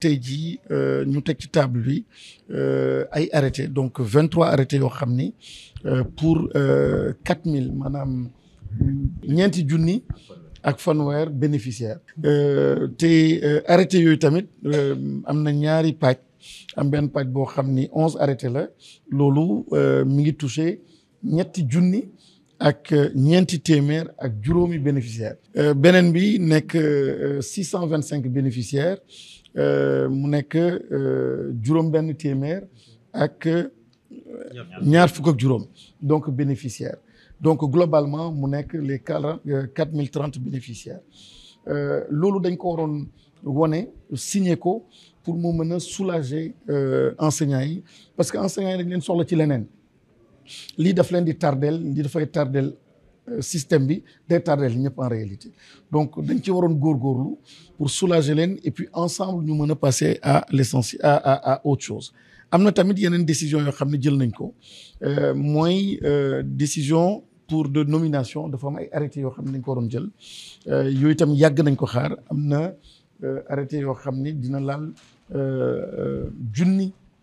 tay ji euh ñu tek ci table bi euh ay arrêté donc 23 arrêtés yo xamni euh pour euh 4000 manam ñenti junni ak fanwer bénéficiaire euh té euh, arrêté yoy tamit euh, amna ñaari patch am ben patch bo xamni 11 arrêtés la lolu euh mi ngi toucher ñetti avec ak euh, ñenti témèr ak juroomi bénéficiaire euh benen bi nek 625 bénéficiaires euh, mu nekk euh, juróom benn téeméer ak euh, ñaar fukk ak juróom donc bénéficiaire donc globalement mu nekk les quatre mille trente bénéficiaires loolu dañ ko waroon wone signer ko pour mu mën a soulager enseignants parce que enseignants yi dañ leen soxla ci leneen lii daf leen di tardel lii dafay tardel euh, système bi day en réalité donc dañ ci waroon pour soulager et puis ensemble nous allons passer à l'essentiel à autre chose am tamit une décision euh, euh, décision pour de nomination de am ay arrêté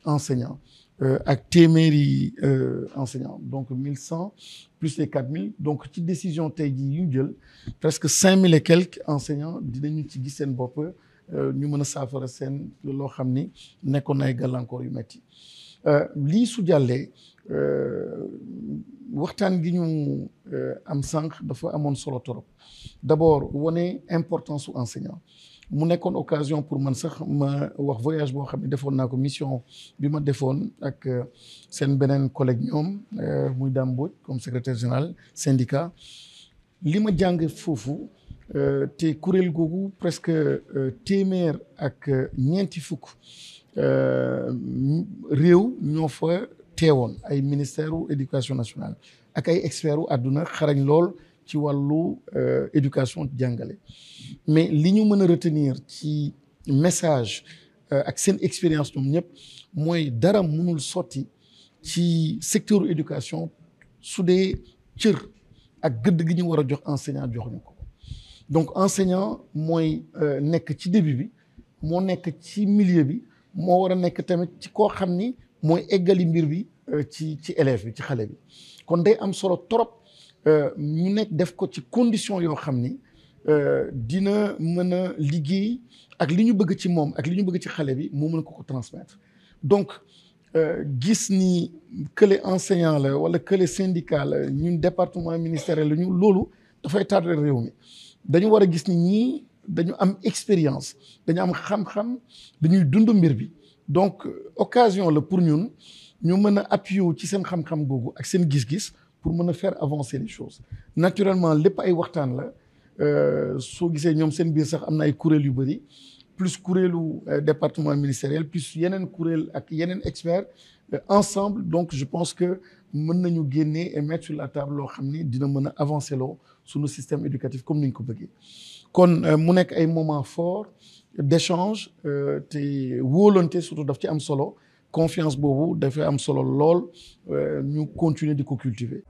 enseignant euh, à Téméri euh, enseignant, donc 1100 plus les 4000. Donc, petite décision, Tégui-Yugel, presque 5000 et quelques enseignants, nous avons dit que nous de dit que nous avons dit que nous avons dit que nous avons dit que nous avons dit que nous avons dit waxtan gi ñu euh, am sank dafa amone solo trop d'abord woné importance mu nekkoon occasion pour man sax ma wax voyage boo xam ne defoon naa ko mission bi ma defoon ak euh, seen beneen collègue ñoom euh, muy Dame comme secrétaire général syndicat li ma jàng foofu euh, te kuréel googu presque téeméer ak ñeenti fukk réew ñoo fa teewoon ay ministère éducation nationale ak ay experts u àdduna xarañ lool ci wàllu éducation jàngale mais li ñu mën retenir ci message euh, ak seen expérience ñom ñep moy dara mënul sorti ci secteur éducation soudé, dee cër ak gëdd gi ñu wara jox enseignant jox ñuko donc enseignant moy euh, nek ci début bi nek nek ci milieu bi mo wara nek tamit ci ko xamni moy égali mbir bi euh, ci ci élève bi ci xalé bi kon day am solo trop ñu nek def ko ci condition yo xamni euh, dina ak li nous bëgg donc euh, gis ni que enseignant la wala que les syndicats, ñun département ministériel Nous tarder gis ni am expérience am donc occasion le pour ñun ñu mën appuyer ci seen xam gis-gis pour faire avancer les choses naturellement nous pays la euh, soo gisee ñoom seen biir sax amna ay courriel yu bari plus kuréelu euh, département ministériel plus yenen courriel ak yeneen experts euh, ensemble donc je pense que mën nañu guenné et mettre sur la table lo xamni dina mën a avancer loo suñu système éducatif comme niñ ko bëggé kon mu nek ay moment fort d'échange té volonté surtout daf ci am solo confiance bobu dafay am solo lool ñu continuer de ko cultiver